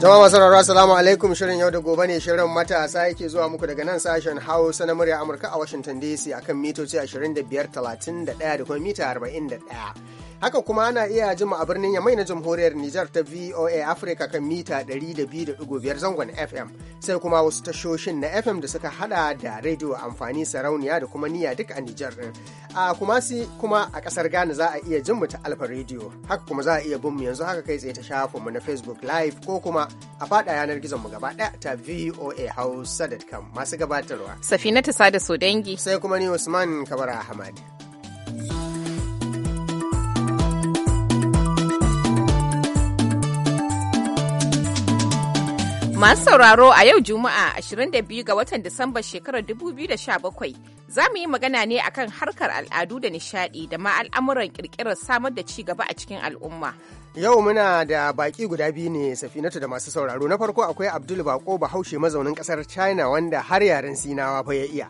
Jama'a sauraro assalamu salamu alaikum shirin yau da gobe ne shirin matasa yake zuwa muku daga nan sashen Hausa na murya Amurka a Washington DC akan mitoci 25, 31 da kuma mita 41. Haka kuma ana iya jima a birnin Yamai na Jamhuriyar Nijar ta VOA Africa kan mita 200.5 zangon FM sai kuma wasu tashoshin na FM da suka hada da rediyo amfani sarauniya da kuma niya duk a Nijar din. A Kumasi kuma a kasar Ghana za a iya jin mu ta Alfa Radio. Haka kuma za a iya bin mu yanzu haka kai tsaye ta shafin mu na Facebook Live ko kuma a fada yanar gizon mu gaba daya ta VOA Hausa.com masu gabatarwa. Safina ta sada so dangi. Sai kuma ni Usman Kabara Hamadi. Masu sauraro a yau Juma'a 22 ga watan Disamba shekarar 2017 za mu yi magana ne akan harkar al'adu da nishadi da ma al'amuran kirkirar samar da ci gaba a cikin al'umma. Yau muna da baki guda biyu ne safinatu da masu sauraro na farko akwai Abdul Bako Bahaushe mazaunin ƙasar China wanda har yaren Sinawa fa ya iya.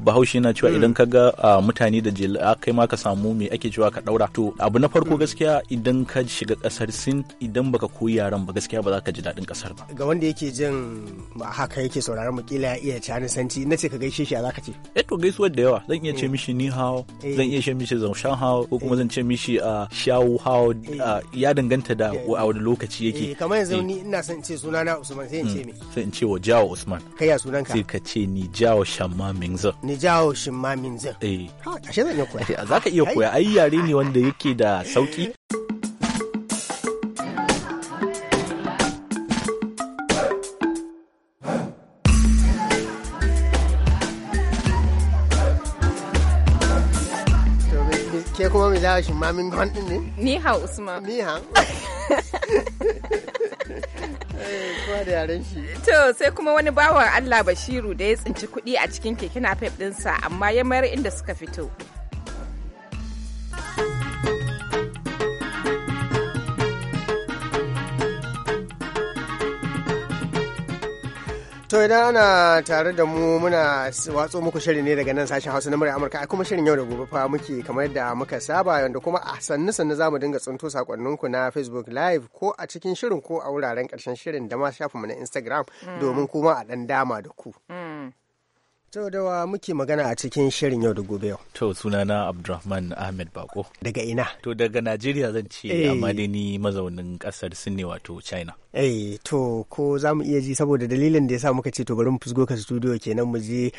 bahaushe na cewa hmm. idan ka ga mutane da jela kai ma ka samu me ake cewa ka daura to abu na farko hmm. gaskiya idan ka shiga kasar sin idan baka koyi yaran ba gaskiya ba za ka ji daɗin kasar ba ga wanda yake jin haka yake sauraron mu kila ya iya cani santi na ce ka gaishe shi a zaka ce eh to gaisuwar da yawa zan iya ce hmm. mishi ni hao eh. zan iya ce mishi sha hao ko kuma eh. zan ce mishi a shawu hao eh. ya danganta da a wani lokaci yake kamar yanzu ni ina son ce sunana usman sai in ce me sai in ce wa jawo usman kai ya sunanka sai ka ce ni jawo shamma mingza ni jawo shi ma eh ashe zan iya koya eh, zaka iya koya ai yare ne wanda yake da sauki ke kuma jawo min ne ni ha usman ni ha Eh, to sai kuma wani bawan Allah Bashiru da ya tsinci kuɗi a cikin keke napep ɗinsa amma ya mayar inda suka fito. To idan ana tare da mu muna watso muku shirin ne daga nan sashen Hausa na murya Amurka kuma shirin yau da gobe fa muke kamar yadda muka saba yadda kuma a sannu sannu za mu dinga tsinto sakonninku na Facebook Live ko a cikin shirin ko a wuraren karshen shirin da ma mu na Instagram mm. domin kuma a dan dama da ku. Mm. To da wa muke magana a cikin shirin yau da gobe yau. To sunana Abdulrahman Ahmed Bako. Daga ina? To daga Najeriya zan ce eh. amma dai ni mazaunin kasar Sin ne wato China. eh to ko za mu iya ji saboda dalilin da ya sa muka ce to bari mu fusgo ka studio kenan mu je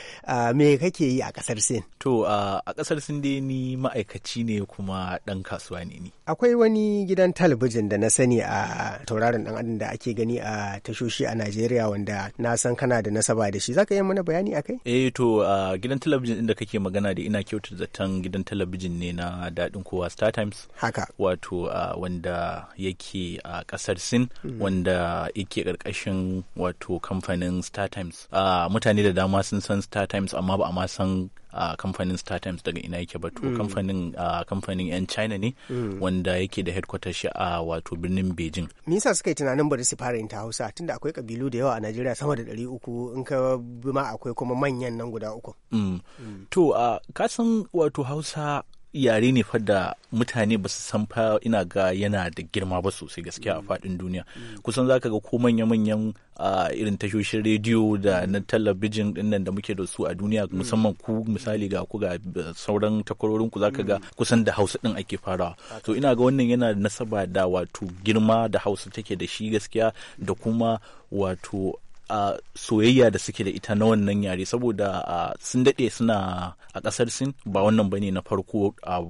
me kake yi a kasar sin to a kasar sin dai ni ma'aikaci ne kuma dan kasuwa ne ni akwai wani gidan talabijin da na sani a tauraron ɗan adam da ake gani a tashoshi a Najeriya wanda na san kana da nasaba da shi zaka yi mana bayani akai eh to gidan talabijin inda kake magana da ina kyautar zaton gidan talabijin ne na daɗin kowa Star Times haka wato wanda yake a kasar sin hmm. wanda wanda yake karkashin wato kamfanin Star Times. Uh, mutane da dama sun san Star Times amma ba a ma san uh, kamfanin Star Times daga ina yake ba to mm. kamfanin uh, 'yan China ne mm. wanda yake da headquarter shi a uh, wato birnin Beijing. Me yasa suka yi tunanin bari su fara yin ta Hausa tunda akwai kabilu da yawa a Najeriya sama da ɗari uku in ka bi ma akwai kuma manyan nan guda uku. Mm. mm. To uh, ka san wato Hausa yare ne fa da mutane ba su san fa ina ga yana da girma ba sosai gaskiya a mm. faɗin duniya mm. kusan za ka ga ko manya-manyan irin tashoshin rediyo da na talabijin din nan da muke da su a duniya mm. musamman ku misali ga ku ga sauran takwarorin ku za ka ga kusan da hausa din ake farawa to ina ga wannan yana nasaba da wato girma da hausa take da shi gaskiya da kuma wato a soyayya da suke da ita na wannan yare saboda sun daɗe suna a ƙasar sin ba wannan bane na farko a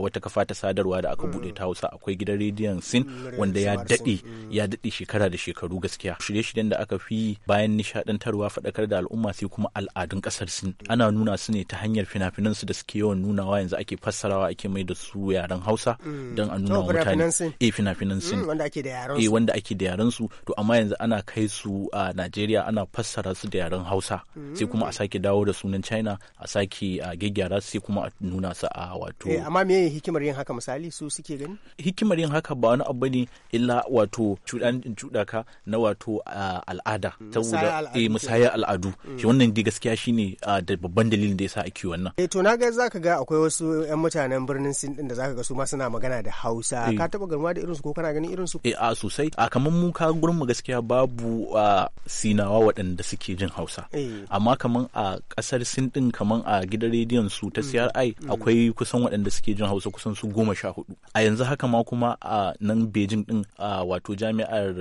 wata kafa ta sadarwa da aka bude ta hausa akwai gidan rediyon sin wanda ya daɗe ya daɗe shekara da shekaru gaskiya shirye-shiryen da aka fi bayan nishaɗantarwa faɗakar da al'umma sai kuma al'adun ƙasar sin ana nuna su ne ta hanyar fina-finan su da suke yawan nunawa yanzu ake fassarawa ake mai da su yaren hausa don a nuna mutane eh fina-finan sin hmm, wanda ake da yaren su eh, to amma yanzu ana kai su a najeriya ana fassara su da yaren hausa sai kuma a sake dawo da sunan china a sake a gaggyara sai kuma a nuna su a wato eh, amma meye hikimar yin haka misali su suke gani hikimar yin haka ba wani abu ne illa wato cudan cudaka na wato al'ada ta mm, eh musaya al'adu mm. shi wannan dai gaskiya shine da babban dalilin da yasa ake wannan eh to na ga zaka ga akwai wasu yan mutanen birnin Sin din da zaka ga su ma suna magana da Hausa eh. ka taba ganuwa da irin su ko kana ganin irin su eh a sosai a kamar mu ka gurin mu gaskiya babu sinawa waɗanda suke jin hausa eh. amma kamar a ƙasar sin ɗin kaman a gidan rediyon su ta mm. cri mm. akwai kusan waɗanda suke jin hausa kusan su goma sha hudu a yanzu haka ma kuma a nan beijing ɗin wato jami'ar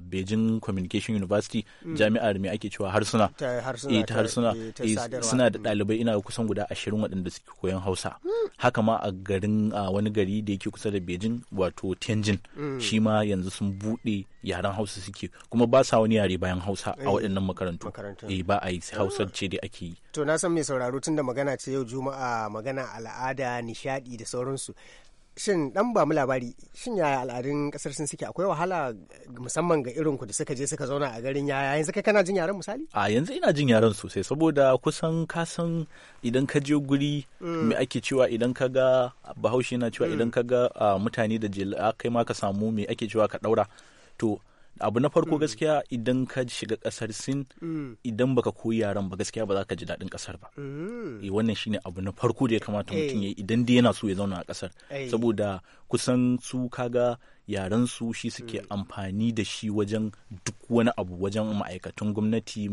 beijing communication university mm. jami'ar me ake cewa harsuna ta harsuna eh, eh, suna da ɗalibai ina kusan guda ashirin waɗanda suke koyan hausa haka ma a garin a wani gari da yake kusa da beijing wato tianjin shi ma yanzu sun buɗe yaren hausa suke kuma ba sa wani yare bayan hausa hausa a eh, waɗannan makarantu eh ba a yi ah. hausar ce dai ake yi to na san mai sauraro tun da magana ce yau juma'a magana al'ada nishadi da sauransu shin dan ba mu labari shin yaya al'adun kasar sun suke akwai wahala musamman ga irin ku da suka je suka zauna a garin yaya yanzu kai kana jin yaren misali a yanzu ina jin yaren sosai saboda kusan ka san idan ka je guri mm. me ake cewa idan ka ga bahaushe na cewa mm. idan ka ga ah, mutane da jela kai ma ka samu me ake cewa ka daura to abu na farko mm. gaskiya idan ka shiga kasar sin mm. idan baka koyi yaran ba gaskiya ba za ka ji daɗin kasar ba mm. eh, wannan shine abu na farko da ya kamata eh. mutum ya idan dai yana so ya zauna a kasar eh. saboda kusan su kaga yaran su shi suke amfani da shi wajen duk wani abu wajen ma'aikatan gwamnati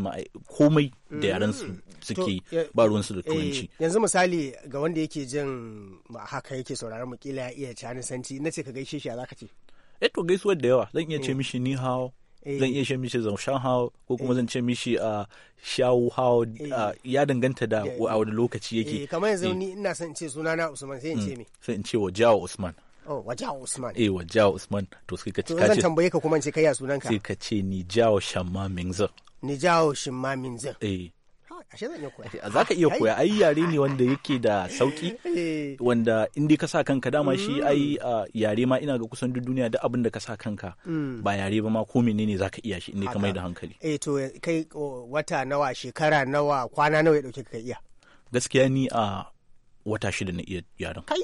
komai da yaran su suke ba ruwan su da turanci yanzu misali ga wanda yake jin haka yake sauraron mu kila ya iya canisanci nace ka gaishe shi a zaka ce eh to gaisuwar da yawa zan iya ce mishi ni hao eh. zan iya ce mishi zaushen hao ko kuma eh. zan ce mishi a ah, shawu hao eh. ah, ya danganta da a wani lokaci yake kamar yanzu ni ina son in ce sunana usman sai in ce mm. me sai in ce wa jawo usman Oh, wa jawo Usman. Eh, wa jawo Usman. To sai ka ce. To zan tambaye ka kuma in ce kai ya sunanka. Sai ka ce ni jawo Shamma Minzir. Ni jawo Shamma Minzir. Eh. ashe zan iya koya eh, za ka iya koya ai yare ne wanda yake da sauki eh. wanda in ka sa kanka dama shi mm. ai yare ma ina ga kusan duk duniya da abin da ka sa kanka mm. ba yare ba ma ko menene za ka iya shi in ka mai da hankali eh to kai wata nawa shekara nawa kwana nawa ya dauke ka iya gaskiya ni a wata shida na iya yaren kai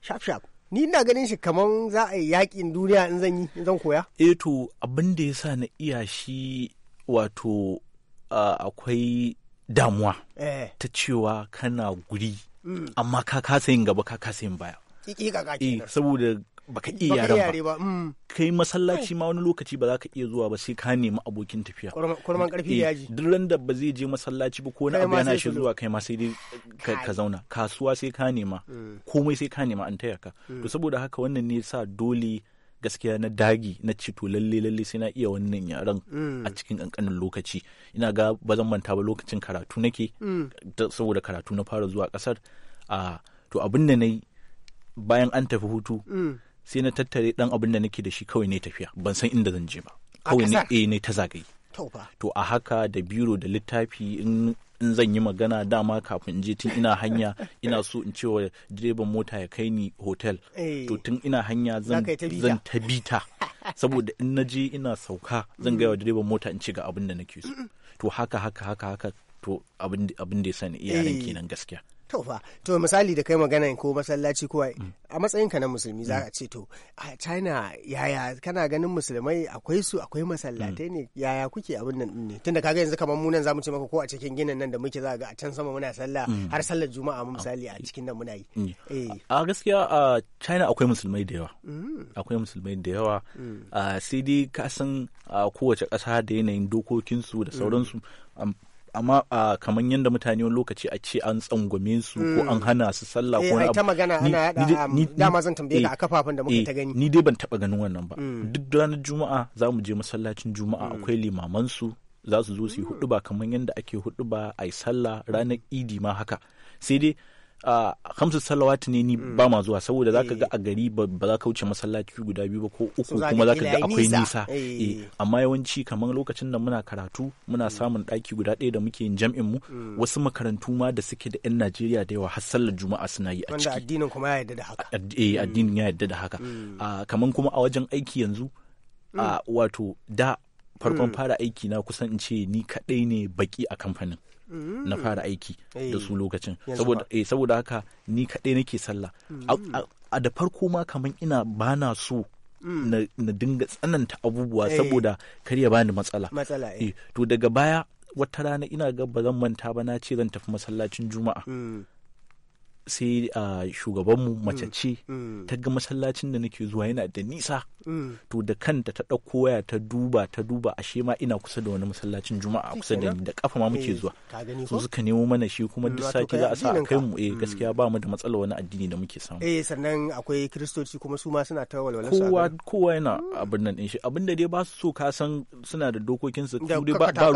shaf shaf ni ina ganin shi kaman za a yi yakin duniya in zan yi zan koya eh to abin da ya sa na iya shi wato akwai damuwa eh. ta cewa kana guri mm. amma ka kasa yin gaba ka kasa yin baya eh, saboda baka iya yaran ba mm. kai masallaci ma wani lokaci ba za ka iya zuwa ba sai ka nemi abokin tafiya kurman karfi eh, ya duk randa ba zai je masallaci ba ko wani abu yana shi zuwa kai ma sai dai ka zauna kasuwa sai ka nema mm. komai sai ka nema an taya ka to saboda haka wannan ne sa dole gaskiya na dagi na cito to lalle lalle sai na iya wannan yaren mm. a cikin kankanin lokaci ina ga ba zan manta ba lokacin karatu nake mm. saboda karatu na fara zuwa kasar a to abin da nayi bayan an tafi hutu mm. sai na tattare dan abin da nake da shi kawai ne tafiya ban san inda zan je ba kawai ne eh, ne ta zagaye to a haka da biro da littafi in in zan yi magana dama kafin je tun ina hanya ina so in cewa direban mota ya kai ni hotel eh. to tun ina hanya zan tabita saboda in na je ina sauka zan gaya wa mm. direban mota in ci ga abin da nake so mm. to haka haka haka haka to abin da ya sani iyalan eh. kenan gaskiya to fa to misali da kai magana ko masallaci ko a matsayin ka na musulmi za a ce to a China yaya kana ganin musulmai akwai su akwai masallatai ne yaya kuke abin nan ne tunda kaga yanzu kamar mu nan zamu ce maka ko a cikin ginin nan da muke za ga a can sama muna sallah mm. har sallar juma'a mu misali a mm. cikin nan muna yi mm. eh. a gaskiya a China akwai musulmai da yawa akwai musulmai da yawa sai dai ka san kowace kasa da yanayin dokokinsu da sauransu amma kamar yadda mutane wani lokaci a ce an tsangwame su ko hmm. an hana su sallah ko eh, wani ta magana ana yada um, dama zan tambaye ka a eh, kafafen da muka eh, ta gani ni dai ban taba ganin wannan ba hmm. duk ranar juma'a za mu je masallacin juma'a hmm. akwai limaman su za su zo su yi hudu ba kamar yadda ake hudu ba a sallah ranar idi ma haka sai dai hamsu salawati ne ni mm. ba ma zuwa saboda za ka ga eh. a gari ba za ka wuce masallaci guda biyu ba ko uku kuma za ka ga akwai nisa eh. Eh, amma yawanci kamar lokacin da muna karatu muna mm. samun ɗaki guda ɗaya da muke yin jam'in mu mm. wasu makarantu ma da suke da 'yan Najeriya da yawa har sallar juma'a suna yi a ciki wanda addinin kuma ya yadda da haka eh addinin ya yadda da haka kamar kuma a wajen aiki yanzu wato da farkon fara aiki na kusan in ce ni kaɗai ne baki a kamfanin na mm. fara aiki da su eh. lokacin eh, saboda haka ni kaɗai nake sallah mm. a da farko ma kamar ina bana so mm. na dinga tsananta abubuwa eh. saboda kar ya bani matsala to daga baya wata rana ina ga ba zan manta ba na ce zan tafi masallacin juma'a sai a shugabanmu mm. mace ce mm. ta ga masallacin da nake zuwa yana da nisa mm. to da kanta ta ɗauko waya ta duba ta duba ashe ma ina kusa da wani masallacin juma'a kusa da ni da kafa ma muke eh, zuwa su suka nemo mana shi kuma duk sake za a sa a kai mu eh gaskiya ba mu da matsala wani addini da muke samu eh sannan akwai kristoci kuma su ma suna ta walwala kowa kowa yana abin nan din shi abin da dai ba su so ka san suna da dokokin su dai ba ka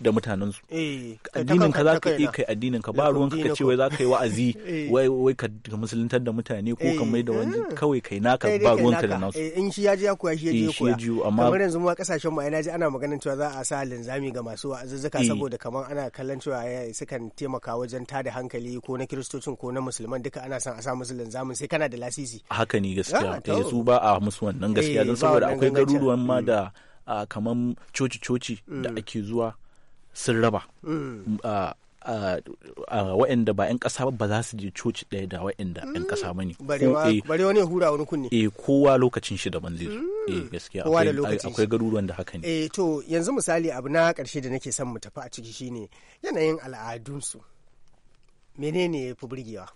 da mutanen su eh, addinin ka za ka yi eh, kai addinin ka ba ruwan ka ce wai za ka yi wa'azi Eh. wai wai ka musuluntar da mutane ko ka eh. mai da wani ah. kawai kai naka ba ruwanka da nasu eh, in shi ya ji ya koya shi ya ji ya koya kamar yanzu mu a kasashen mu ina ji ana maganin cewa za a sa linzami ga masu azuzzuka saboda kamar ana kallon cewa sukan taimaka wajen tada hankali ko na kiristocin ko na musulman duka ana son a sa musu linzamin sai kana da lasisi haka ne gaskiya ah, su ba a musu wannan gaskiya don saboda akwai garuruwan ma mm. da ah, kamar coci-coci da mm. ake zuwa sun raba mm. waɗanda ba 'yan ƙasa ba za su je coci ɗaya da waɗanda 'yan mm. ƙasa ba ne. Bari wani eh, hura wani kunne. Eh kowa lokacin shi daban zai mm. Eh gaskiya akwai garuruwan da haka ne. Eh to yanzu misali abu na ƙarshe da nake son mu tafi a ciki shine yanayin al'adunsu. Menene ya fi burgewa?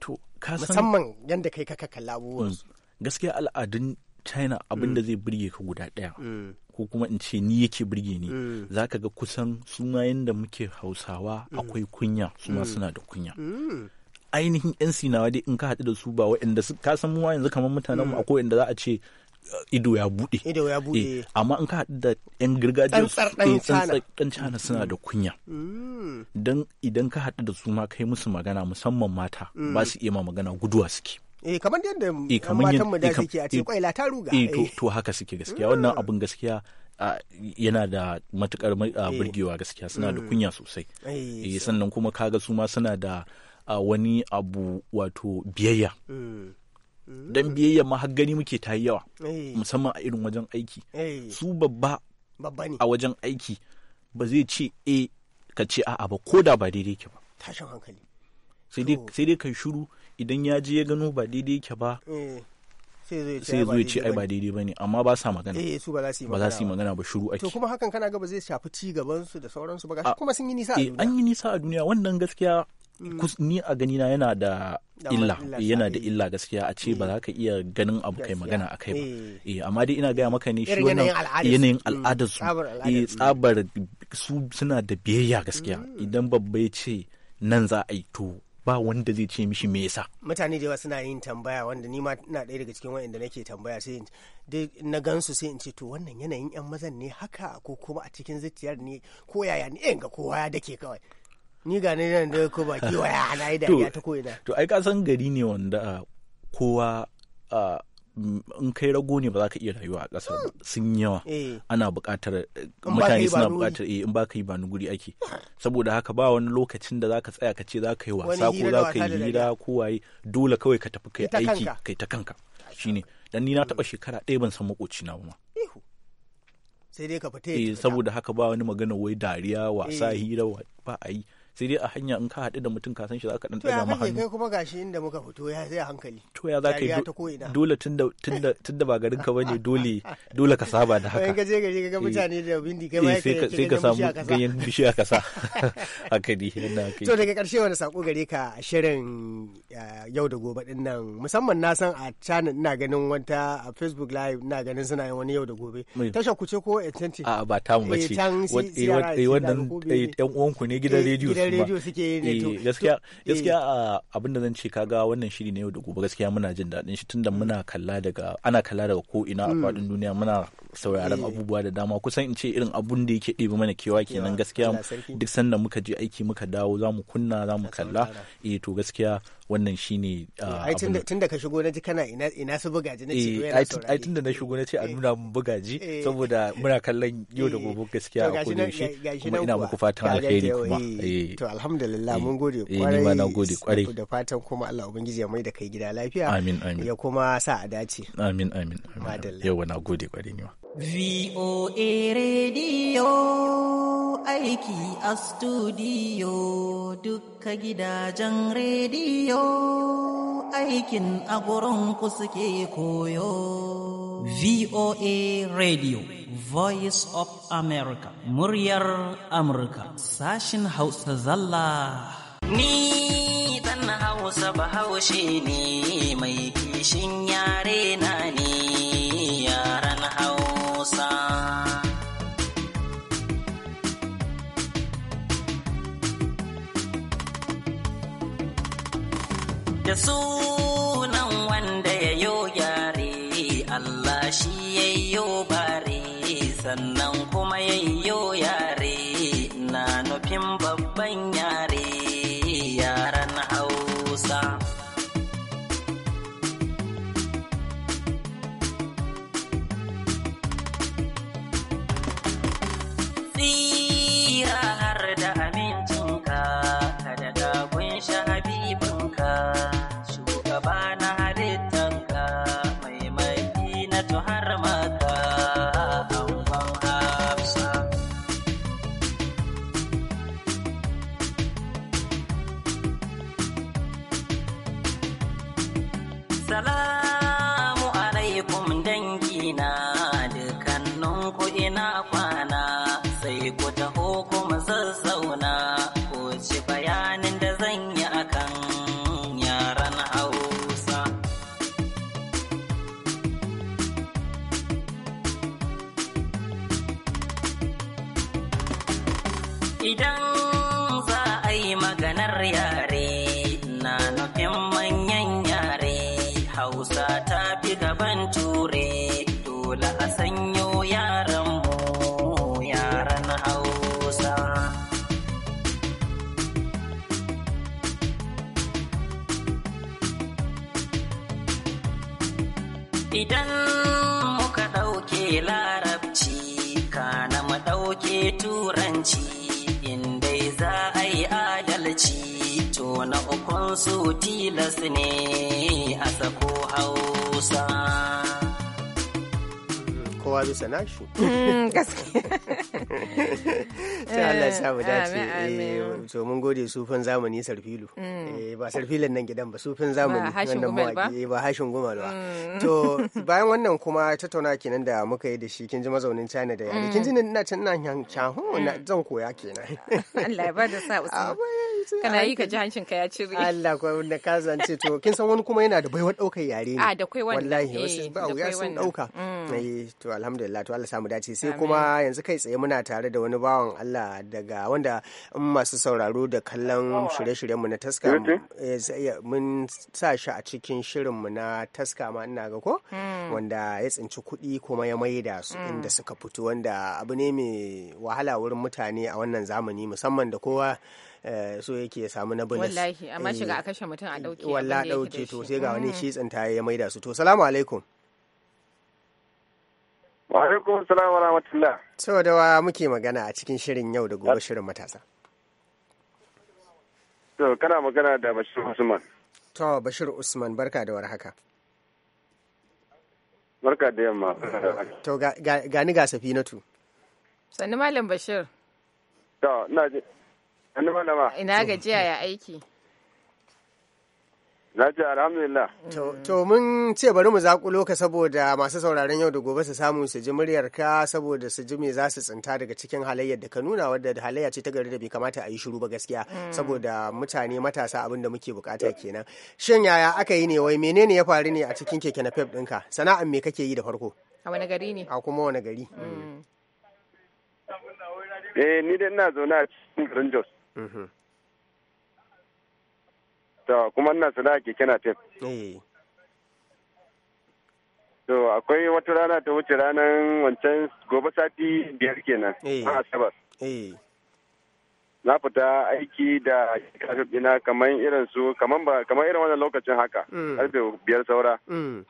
To musamman yadda kai kaka kalla abubuwan. Mm. Gaskiya al'adun china abin da zai birge ka guda ɗaya mm. Mm. ko kuma in ce ni yake birge ni mm. za ka ga kusan suna yadda muke hausawa akwai kunya suna suna da kunya ainihin 'yan sinawa dai in ka haɗu da su ba waɗanda ka san mu yanzu kamar mutanen a akwai inda za a ce uh, ido ya bude eh, amma in ka haɗu da yan gargajiya eh, cana suna da kunya dan idan ka haɗu da su ma kai musu magana musamman mata ba su iya ma magana guduwa suke a eh, eh, eh. haka suke gaskiya wannan mm. abun gaskiya yana da matukar burgewa gaskiya suna da mm. kunya sosai sannan kuma kaga su ma suna da wani abu wato biyayya mm. dan biyayya ma har gani muke ta yawa musamman a irin wajen aiki su babba a wajen aiki ba zai ce eh ka ce a'a ba ko da ba daidai ke ba tashin hankali sai dai kai shuru idan ya je ya gano ba daidai yake ba eh, sai zo ya ce ai ba daidai bane amma ba sa magana eh, ba za su yi magana ba shuru shiru ake to kuma hakan kana ga ba zai shafi ci gaban su da sauransu ba gashi kuma sun yi nisa a eh, duniya an yi nisa a duniya wannan gaskiya mm. ni a gani na yana da illa yana da illa gaskiya a ce ba mm. za ka iya ganin abu kai magana a kai ba eh amma dai ina gaya maka ne shi wannan yanayin mm. al'adar su eh tsabar su suna da biyayya gaskiya idan babba ya ce nan za a yi to ba wanda zai ce mishi me yasa mutane da yawa suna yin tambaya wanda ni ma ina ɗaya daga cikin wanda nake tambaya sai na gansu sai in ce to wannan yanayin yan mazan ne haka ko kuma a cikin zuciyar ne ko yaya ne eh, ga kowa ya dake kawai ni ga nan da ko baki waya ana yi da ta ko ina to ai ka san gari ne wanda ah, kowa ah, in kai rago ne ba za ka iya rayuwa a ƙasar ba sun yawa eh. ana buƙatar mutane eh, suna buƙatar in ba ka yi ba eh, guri ake saboda haka ba wani lokacin da za ka tsaya ka ce za ka yi wasa ko za ka yi hira ko waye dole kawai ka tafi kai aiki kai ta kanka shine dan ni na taɓa shekara ɗaya ban san makoci na ba sai dai ka fita saboda haka ba wani magana wai dariya wasa hira ba a yi sai dai a hanya in ka haɗu da mutum ka san shi zaka dan daga ma hannu kai kuma gashi inda muka fito ya sai hankali to ya ka yi dole tunda tunda tunda ba garin ka bane dole dole ka saba da haka kai gaje gaje ga eh. mutane da bindi kai ma eh, sai ka samu ganyen bishiya ka sa haka ne yadda kai to daga karshe wani sako gare ka shirin eh, yau da gobe din nan musamman na san a channel ina ganin wata a Facebook live ina ganin suna yin wani yau da gobe tashar ku ce ko a ba tamu bace wannan yan uwanku ne gidan rediyo gidan rediyo suke yi ne eh, gaskiya gaskiya eh. ah, abin da zan ce kaga wannan shiri ne yau da gobe gaskiya muna jin daɗin shi tunda muna kalla daga ana kalla daga ko ina a hmm. faɗin duniya muna sauraron eh. abubuwa da dama kusan in ce irin abun da yake ɗebe mana kewa kenan gaskiya duk sanda muka je aiki muka dawo za mu kunna za mu kalla eh to gaskiya wannan shi ne eh, ah, ai tunda ka shigo na ji kana ina su bugaji na eh, ce ai tunda na shigo na ce a eh. nuna mun bugaji saboda muna kallon yau da gobe gaskiya a kodin kuma ina muku fatan alheri kuma to alhamdulillah mun gode kwarai da fatan kuma Allah ubangiji ya mai da kai gida lafiya amin amin ya kuma sa a dace amin amin yau na gode kwarai ne VOA Radio aiki a studio dukka gidajen rediyo aikin a ku suke koyo. VOA Radio Voice of America muryar Amurka sashin Hausa zalla. Ni dan Hausa bahaushe ne mai kishin yare sunan wanda ya yo Allah shi ya yo bare sannan kuma ya yo yare na nufin babban yare yaran hausa See? hausa ta fi gaban ture dole a sanyo yaran mu yaran hausa idan muka ɗauke larabci kana madauke turanci su tilas ne a sako hausa. Kowa bisa nashi. Mm, gaskiya. sai Allah ya mu eh, dace eh, to mun gode sufan zamani sarfilu mm. eh, ba sarfilan nan gidan ba sufan zamani wannan mawaki ba hashin gumal ba mm. to bayan wannan kuma tattauna kenan da muka yi da shi kin ji mazaunin China da yare kin ji mm. ina can ina kyahu zan koya kenan Allah ya bada sa usman ah, kana yi ka ji hancin ka ya cire Allah ko wanda ka zance to kin san wani kuma yana da baiwa daukar yare ne a ah, da kai wannan wallahi wasu ba wuya sun dauka to alhamdulillah to Allah samu dace sai kuma yanzu kai tsaye muna tare da wani bawan Allah daga wanda in masu sauraro da kallon shirye-shiryenmu na taska eh, mun sa shi a cikin shirinmu na taska ma ina ga ko hmm. wanda ya tsinci kuɗi kuma ya maida su hmm. inda suka fito wanda abu ne mai wahala wurin mutane a wannan zamani musamman da kowa eh, so yake samu na bonus wallahi amma shiga eh, a kashe mutum a dauke to sai ga wani hmm. shi tsinta ya da su to salamu alaikum Wa alaikum salam wa rahmatullah. So da wa muke magana a cikin shirin yau da gobe shirin matasa. To kana magana da Bashir Usman. To Bashir Usman barka da warhaka. Barka da yamma. To ga ni ga Safinatu. Sannu Malam Bashir. To ina ji. Sannu Malama. Ina gajiya ya aiki. Lafiya alhamdulillah. To mun ce bari mu zakulo ka saboda masu sauraron yau da gobe su samu su ji muryar ka saboda su ji me za su tsinta daga cikin halayyar da ka nuna wadda halayya ce ta gari da bai kamata a yi shiru ba gaskiya mm. saboda mutane matasa abin da muke bukata kenan. Shin yaya aka yi ne wai menene ya faru ne a cikin keke na pep ɗinka? Sana'an me kake yi da farko? A wani gari ne? A kuma wani gari. Mm. Eh ni dai ina zaune a cikin garin mm-hmm. to kuma ina sana'a keke na tef eh. to akwai wata rana ta wuce ranar wancan gobe sati biyar kenan eh. a asabar eh. na fita aiki da kafin ina kamar irin su kamar ba kamar irin wannan lokacin haka mm. karfe biyar saura mm.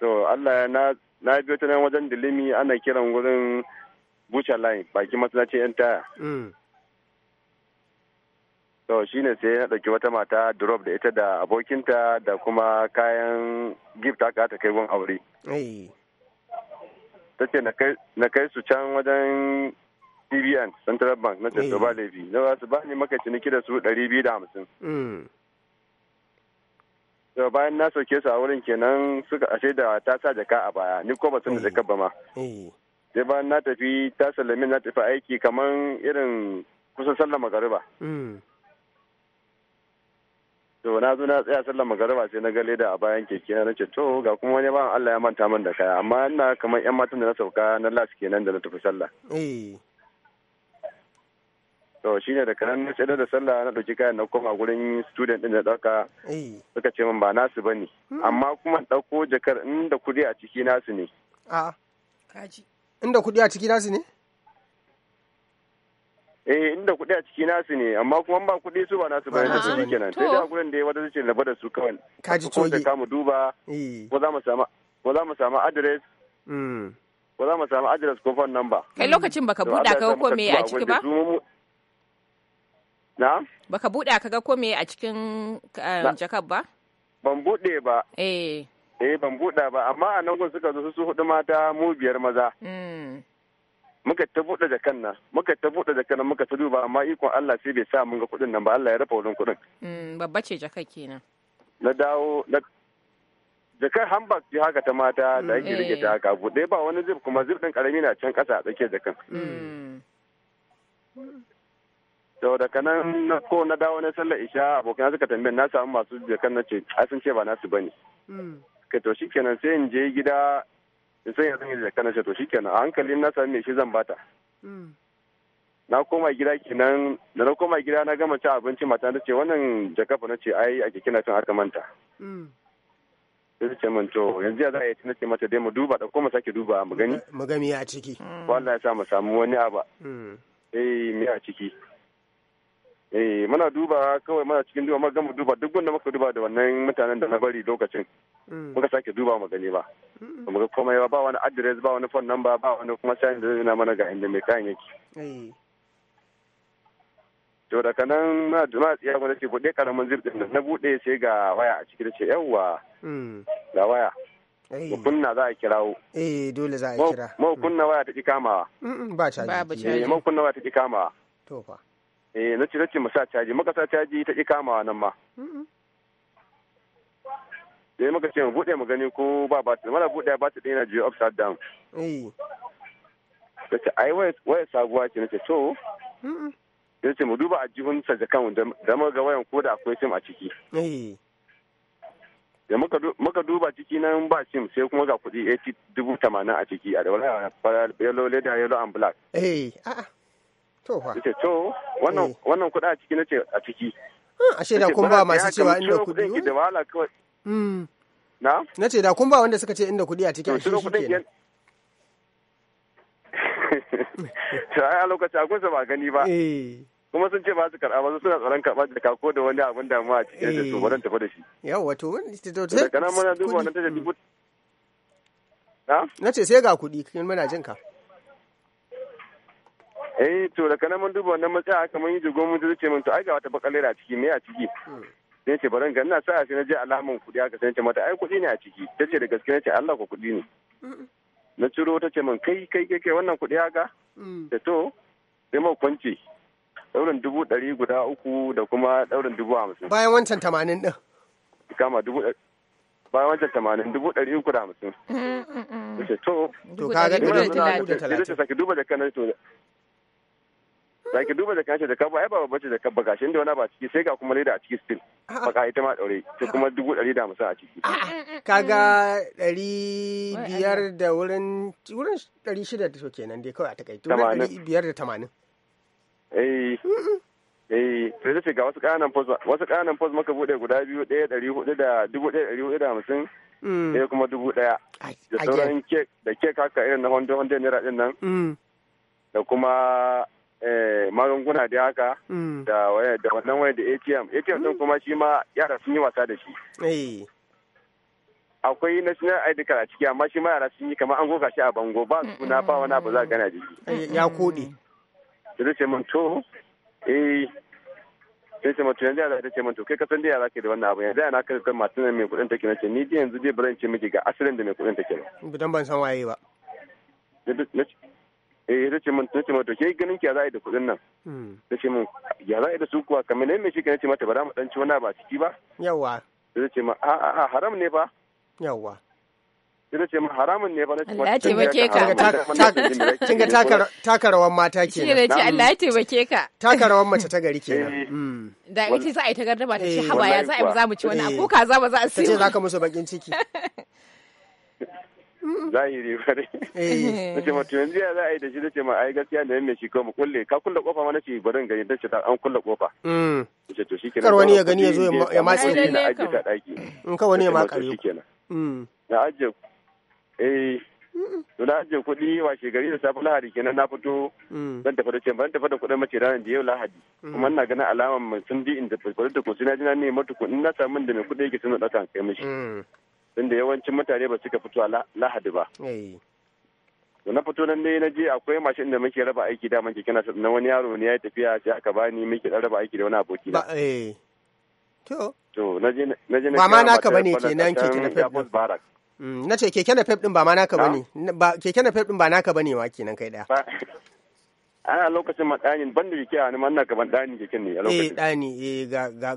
to Allah ya na biyo ta nan wajen dilimi ana kiran wurin bucha line baki ce yan taya mm. to ne sai na ɗauki wata mata drop da ita da abokinta da kuma kayan gift haka ta kai gun aure ta ce na kai su can wajen cbn central bank na ce ba laifi na za su ba ni maka ciniki da su ɗari biyu da hamsin mm. to bayan na sauke su a wurin kenan suka ashe da ta sa jaka a baya ni ko ba san da jaka ba ma sai bayan na tafi ta sallame na tafi aiki kamar irin kusan sallama magariba. Mm. to na zo na tsaya sallar magariba sai na ga leda a bayan keke na ce to ga kuma wani ban Allah ya manta min da kaya amma ina kamar yan matan da na sauka na las kenan da na tafi sallah mm. to shine da kanan na da sallah na dauki kayan na koma gurin student din da dauka mm. suka ce min ba nasu bane mm. amma kuma dauko jakar inda kudi a ciki nasu ne kaji inda kudi a ciki nasu ne eh inda kuɗi a ciki nasu ne amma kuma ba kuɗi su ba nasu ba da su kenan sai da hakurin da ya wata suke rabu bada su kawai ka ji ko da kamu duba eh. ko za mu samu ko za mu samu address hmm. ko za mu samu address ko phone number kai lokacin baka buɗa ka ko me a ciki ba na baka buɗa ka ga ko me a cikin eh, jakab ba ban buɗe ba eh eh ban buɗa ba amma a nan gun suka zo su hudu mata mu biyar maza mm. muka ta buɗe jakan kanna muka ta buɗe jakan kanna muka ta duba amma ikon Allah sai bai sa mun ga kuɗin nan ba Allah ya rufe wurin kuɗin mm, babba ce jaka kenan na dawo na jakar hamburg ce haka ta mata mm, da ake rike ta eh. haka buɗe ba wani zip kuma zip ɗin karami na can ƙasa a tsakiyar jakan mm. to daga nan na ko na dawo na sallar isha abokan suka tambaye na samu masu jakan na ce a' sun ce ba nasu bane ka to shikenan sai in je gida ya sanya zan yi da kana to shikenan a hankalin na sami shi zan bata mm. na koma gida kenan da na koma gida na gama ci abinci mata ta ce wannan jaka fa ce ai a kina cin aka manta mm. sai ta ce min to yanzu ya za a yi na ce mata dai mu duba da koma sake duba mu gani mu gami a ciki wallahi ya sa mu samu wani abu mm. eh me a ciki eh muna duba kawai muna cikin duba muka duba duk wanda muka duba da wannan mutanen da na bari lokacin mm. muka sake duba mu gani ba kuma ga komai ba wani address ba wani phone number ba wani kuma sai da na mana ga inda mai kayan yake eh. to da kanan na duma tsiya ko nace bude karaman zip din na bude sai ga waya a ciki ce yawa mm. ga waya eh. mu kunna za a kirawo eh dole za a kira mu mm. kunna waya ta ki kamawa ba Ba ba eh, caji kunna waya ta ki kamawa to fa eh na ce ce mu sa caji muka sa caji ta ƙi kama nan ma eh muka ce mu bude mu gani ko ba ba ta mana bude ba ta dai na jiya upside down eh. ta ce ai waya sabuwa ce nace ce to eh ce mu duba a jihun sajakan da mu ga wayan ko da akwai sim a ciki eh. da muka duba ciki nan ba sim sai kuma ga kuɗi 80,000 dubu tamanin a ciki a da wani yellow leather yellow and black eh, To fa. Eh. a ciki a ah, da kun ba masu cewa inda kuɗi. Hmm. Na? Nace da kun ba wanda suka ce inda kuɗi a ciki a shi kenan. To a lokaci a kunsa ba gani ba. Eh. kuma sun ce ba su karɓa su suna tsoron karɓa da kako da wani abin ma a cikin da su wadanta eh. da shi. yau wato wani da Na ce sai ga kuɗi kin mana jin ka. eh to daga nan mun duba wannan matsaya haka mun yi jigon mun zuce mun to ai ga wata bakalera a ciki me a ciki hmm. sai ce bari ganna sai a sai na je alaman kuɗi haka sai ce mata ai kuɗi ne a ciki tace da gaske ce Allah ko kuɗi ne hmm. na ciro ta ce mun kai kai kai kai wannan kuɗi haka da hmm. to sai mu kwance daurin dubu ɗari guda uku da kuma daurin dubu hamsin bayan wancan tamanin ɗin kama dubu bayan wancan tamanin dubu ɗari uku da hamsin. to to ka ga dubu da talatin. Dubu da talatin. da talatin. zaki duba da shi da ba ai ba bace da jaka ba gashi inda wani ba ciki sai ga kuma leda a ciki still baka ita ma daure to kuma dubu ɗari da musa a ciki mm, mm, kaga mm. ɗari biyar da wurin wurin ɗari shida da kenan dai kawai a takaitu wurin ɗari biyar da tamanin eh eh sai sai ga wasu ƙananan fos wasu ƙananan fos maka bude guda biyu ɗaya ɗari hudu da dubu ɗaya ɗari hudu da hamsin ɗaya kuma dubu ɗaya da sauran kek da kek haka irin na hondo hondo naira din nan da kuma Eh, magunguna mm. da haka da wannan waya da atm atm din mm. kuma shi ma yara sun yi wasa da shi eh. akwai national id card a ciki amma shi ma yara sun yi kamar an goga shi a bango ba suna ba wani abu za a gana shi eh, ya kode mm. da ce mun to eh sai ce mutum yanzu ya ta ce mutum kai kasan da yara ke da wannan abu yanzu yana kai kan matan mai kuɗin take ce ni dai yanzu dai ba zan ce miki ga asirin da mai kudin take ba dan ban san waye ba eh ta ce min ta ce to ke ganin ki za a yi da kuɗin nan hmm. ta ce min ya za a yi da su kuwa kamar ne shi ka ce mata ba za mu dan ci wani ba ciki ba yawa ta ce min a a haram ne ba yawa ta ce min haramun ne ba na ce mata ta taimake ka kin ga taka rawan mata ke shi ce Allah ya taimake ka taka rawan mace ta gari ke eh. hmm. da ita za a yi ta ba ta ce eh, haba ya za a yi ba za mu ci wani abu eh. ka za ba za a siya ta ce za ka musu bakin ciki zahiri ba ne eh. na ce mutum yanzu ya za a yi da shi na ce ma ai gaskiya da yamma shi kawai mu kulle ka kulle kofa mana na ce bari in gani ta ce an kulle kofa ta mm. ce to shi kenan kar wani ya gani ya zo ya matse ki mm. na ajiye ta daki in ka wani ya makare shi kenan na ajiye eh to na ajiye kuɗi washe gari da safe lahadi kenan na fito mm. zan tafi da ce ban tafi da kuɗin mace ranar da yau lahadi kuma ina ganin alaman sun ji in tafi da kuɗi da kuɗi na ji ne mata in na samu da mai kuɗi yake sun da ɗakan kai mishi tunda yawancin mutane ba suka fito lahadi ba da eh. na fito nan dai na je akwai mashin da muke raba aiki da man kina na wani yaro ne ya tafiya sai aka bani muke dan raba aiki da wani aboki na eh to to na je na je ba ma naka bane kenan keke na fep din mm, na ce keke na fep din ba ma naka bane ba keke na fep din ba naka bane ma kenan kai daya ana lokacin ma ɗanin ban da keke a nan na kaban ɗanin keken ne a eh, lokacin eh ɗani eh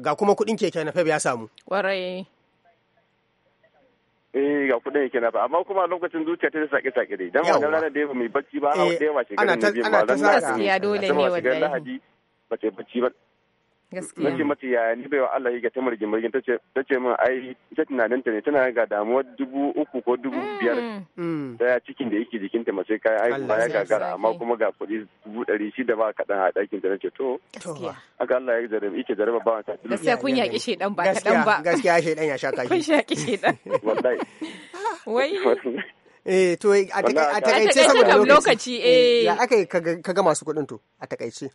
ga kuma kuɗin keke na fep ya samu kwarai eh ga kuɗin yake na ba amma kuma lokacin zuciya ta sake sake dai dan wannan ranar da bacci ba har da yawa da biyu ba dan na gaskiya dole ne wannan ta ba gaskiya ce mata yaya ni baiwa Allah yake ta murgin murgin ta ce min ai ita tunanin ta ne tana ga damuwa dubu uku ko dubu mm. biyar mm. daya cikin da yake jikinta mace kai ai ba ya gagara amma kuma ga kuɗi dubu ɗari shida ba kaɗan a ɗakin ta nace to aka Allah ya jarabe ike jarabe ba wata gaskiya kun yaƙi shaidan ba kaɗan ba gaskiya shaidan ya sha kashi kun yaƙi shedan wallahi wai Eh, to a takaice saboda lokaci. Eh. eh, ya aka yi ka ga masu kuɗin to a takaice.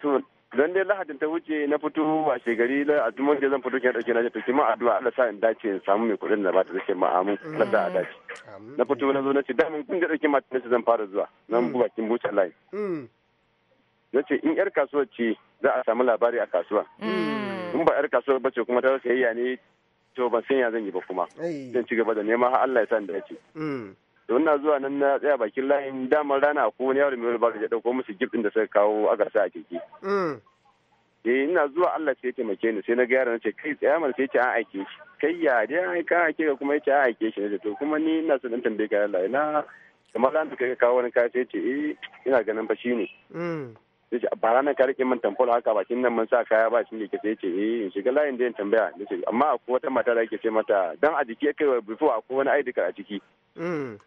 To, dan dai lahadin ta wuce na fito washe gari la a tumon da zan fito kin dauke na je to kima addu'a Allah sa in dace in samu mai kudin da ba ta zake ma'amu mm. Allah za a dace na fito na zo na ce da mun kun da dauke ma ta zan fara zuwa nan mm. buga kin buce lai mm. na ce in yar kasuwa ce za a samu labari a kasuwa in ba yar kasuwa ba ce kuma ta sayayya ne to ban san ya zan yi ba kuma zan ci gaba da neman har Allah ya sa in dace don na zuwa nan na tsaya bakin layin damar rana ko wani yaro mai wani ya dauko musu gifin da suka kawo a sa a keke mm. eh ina zuwa Allah sai ya taimake ni sai na ga na ce kai tsaya mana sai ya ce an ake shi kai ya dai ai ka ake ga kuma ya ce an aike shi ne to kuma ni ina son in tambaye ka Allah ina kamar ran da ka kawo wani kai sai ya ce eh ina ganin fa ne. Mm. sai ce ba ranar ka rike min tamfol haka bakin nan mun sa kaya ba shi ne ke sai ce eh in shiga layin da ya tambaya amma amma akwai wata mata da ke ce mata dan a jiki ya kai wa a akwai wani aidika a ciki mm.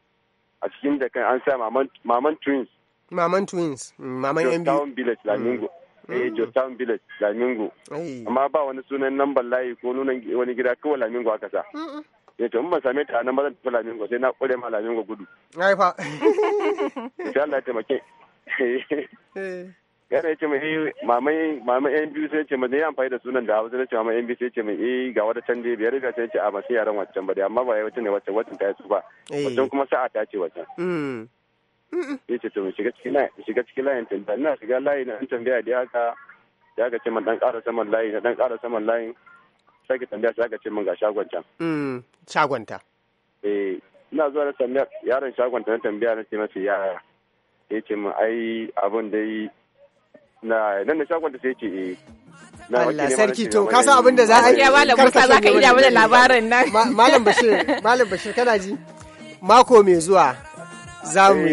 a cikin kan an sa maman twins maman twins mm, maman yan biyu mm. eh, mm. village lamingo eh jotown village lamingo amma ba wani sunan namba layi ko nuna wani gida kawai lamingo aka sa ya eh, to in same ta nan bazan tafi lamingo sai na kure ma lamingo gudu ai fa insha Allah ya taimake eh. yana ce eh, mai mamai mamai yan biyu sai ce mai yi amfani da sunan da hausa sai ce mamai yan biyu sai ce mai eh ga wata can dai biyar ga sai ce a masu yaran wancan ba dai amma ba ya wata ne wacce wacce ta yi tsufa eh. wancan kuma sa'a ta ce wacce. Mm. ya ce to shiga cikin layin shiga cikin layin tambaya ina shiga layi na tambaya da haka da haka ce man dan ƙara saman layi na dan ƙara saman layi sake tambaya sai ka ce man ga shagon can. Mm. shagon ta. eh ina zuwa na tambaya yaron shagon ta na tambaya na ce masa yaya ya ce min ai abin dai na nan eh. na shagon da sai ce eh Allah sarki to ka san abin da za a yi malam Musa za ka iya mana labarin nan malam Bashir malam Bashir kana ji mako mai zuwa za mu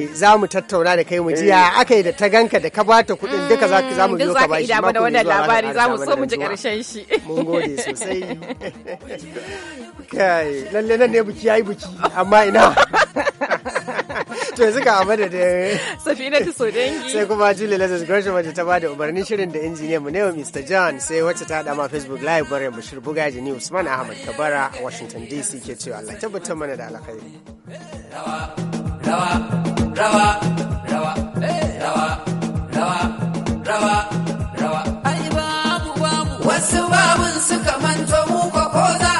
eh. tattauna da kai mu ji ya eh. aka yi da ta ganka da ka bata kuɗin duka za zo mm, ka bashi mako mai zuwa da wannan labari za mu so mu ji karshen shi mun gode sosai kai lalle nan ne buki yayi buki amma ina to yanzu ga amma da dai safina ta so dangi sai kuma julie lazarus gresham wacce ta bada umarnin shirin da injiniya mu yau mr john sai wacce ta hada ma facebook live bare bashir buga ni usman ahmad kabara a washington dc ke cewa allah tabbatar mana da alkhairi rawa rawa rawa rawa rawa rawa rawa rawa ai babu babu wasu babun suka manto mu ko za